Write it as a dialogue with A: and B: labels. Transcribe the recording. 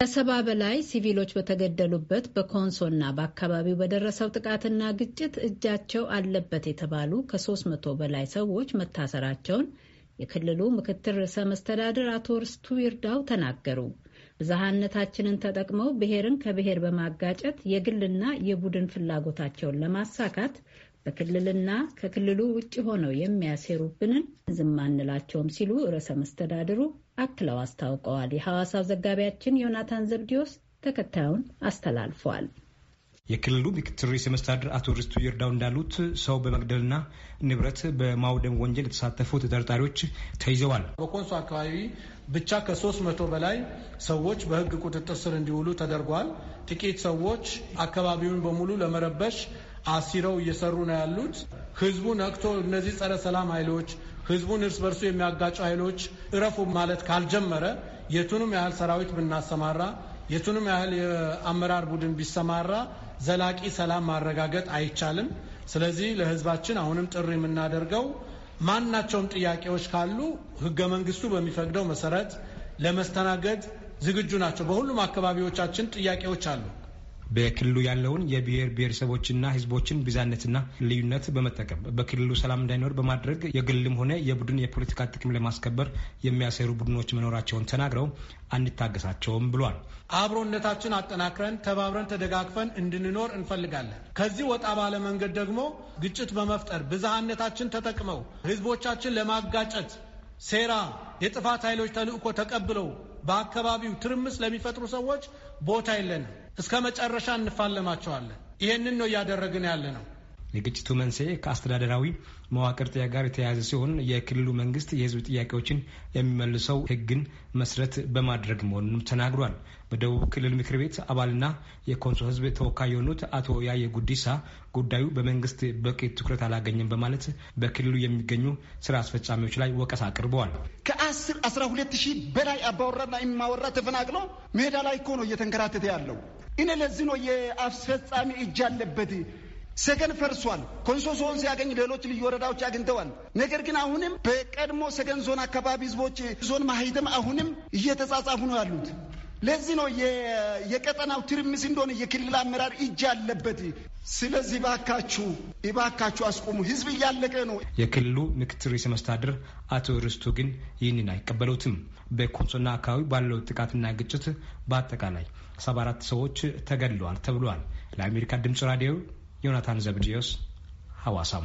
A: ከሰባ በላይ ሲቪሎች በተገደሉበት በኮንሶና በአካባቢው በደረሰው ጥቃትና ግጭት እጃቸው አለበት የተባሉ ከሶስት መቶ በላይ ሰዎች መታሰራቸውን የክልሉ ምክትል ርዕሰ መስተዳድር አቶ ርስቱ ይርዳው ተናገሩ። ብዝሃነታችንን ተጠቅመው ብሔርን ከብሔር በማጋጨት የግልና የቡድን ፍላጎታቸውን ለማሳካት በክልልና ከክልሉ ውጭ ሆነው የሚያሴሩብንን ዝም አንላቸውም ሲሉ ርዕሰ መስተዳድሩ አክለው አስታውቀዋል። የሐዋሳው ዘጋቢያችን ዮናታን ዘብዲዮስ ተከታዩን አስተላልፏል።
B: የክልሉ ምክትል ርዕሰ መስተዳድር አቶ ርስቱ ይርዳው እንዳሉት ሰው በመግደልና ንብረት በማውደም ወንጀል የተሳተፉ ተጠርጣሪዎች ተይዘዋል። በኮንሶ አካባቢ ብቻ ከሶስት መቶ በላይ
C: ሰዎች በሕግ ቁጥጥር ስር እንዲውሉ ተደርጓል። ጥቂት ሰዎች አካባቢውን በሙሉ ለመረበሽ አሲረው እየሰሩ ነው ያሉት። ህዝቡ ነቅቶ እነዚህ ጸረ ሰላም ኃይሎች ህዝቡን እርስ በርሱ የሚያጋጩ ኃይሎች እረፉ ማለት ካልጀመረ የቱንም ያህል ሰራዊት ብናሰማራ የቱንም ያህል የአመራር ቡድን ቢሰማራ ዘላቂ ሰላም ማረጋገጥ አይቻልም። ስለዚህ ለህዝባችን አሁንም ጥሪ የምናደርገው ማናቸውም ጥያቄዎች ካሉ ህገ መንግስቱ በሚፈቅደው መሰረት ለመስተናገድ ዝግጁ ናቸው። በሁሉም አካባቢዎቻችን ጥያቄዎች አሉ።
B: በክልሉ ያለውን የብሔር ብሔረሰቦችና ህዝቦችን ብዛነትና ልዩነት በመጠቀም በክልሉ ሰላም እንዳይኖር በማድረግ የግልም ሆነ የቡድን የፖለቲካ ጥቅም ለማስከበር የሚያሰሩ ቡድኖች መኖራቸውን ተናግረው አንታገሳቸውም ብሏል።
C: አብሮነታችን አጠናክረን ተባብረን ተደጋግፈን እንድንኖር እንፈልጋለን። ከዚህ ወጣ ባለ መንገድ ደግሞ ግጭት በመፍጠር ብዝሃነታችን ተጠቅመው ህዝቦቻችን ለማጋጨት ሴራ የጥፋት ኃይሎች ተልእኮ ተቀብለው በአካባቢው ትርምስ ለሚፈጥሩ ሰዎች ቦታ የለንም። እስከ መጨረሻ እንፋለማቸዋለን። ይህንን ነው እያደረግን ያለ ነው።
B: የግጭቱ መንስኤ ከአስተዳደራዊ መዋቅር ጥያቄ ጋር የተያያዘ ሲሆን የክልሉ መንግስት የህዝብ ጥያቄዎችን የሚመልሰው ህግን መስረት በማድረግ መሆኑንም ተናግሯል። በደቡብ ክልል ምክር ቤት አባልና የኮንሶ ህዝብ ተወካይ የሆኑት አቶ ያየ ጉዲሳ ጉዳዩ በመንግስት በቂ ትኩረት አላገኘም በማለት በክልሉ የሚገኙ ስራ አስፈጻሚዎች ላይ ወቀሳ አቅርበዋል።
D: ከ አስራ ሁለት ሺህ በላይ አባወራና የማወራ ተፈናቅሎ ሜዳ ላይ እኮ ነው እየተንከራተተ ያለው። እኔ ለዚህ ነው የአስፈጻሚ እጅ አለበት ሰገን ፈርሷል። ኮንሶ ዞን ሲያገኝ ሌሎች ልዩ ወረዳዎች አግኝተዋል። ነገር ግን አሁንም በቀድሞ ሰገን ዞን አካባቢ ህዝቦች ዞን ማህተም አሁንም እየተጻጻፉ ነው ያሉት። ለዚህ ነው የቀጠናው ትርምስ እንደሆነ የክልል አመራር እጅ አለበት። ስለዚህ ባካችሁ እባካችሁ አስቆሙ፣ ህዝብ እያለቀ ነው።
B: የክልሉ ምክትል ርዕሰ መስተዳድር አቶ ርስቱ ግን ይህንን አይቀበሉትም። በኮንሶና አካባቢ ባለው ጥቃትና ግጭት በአጠቃላይ ሰባ አራት ሰዎች ተገድለዋል ተብሏል። ለአሜሪካ ድምፅ ራዲዮ ዮናታን ዘብድዮስ ሐዋሳም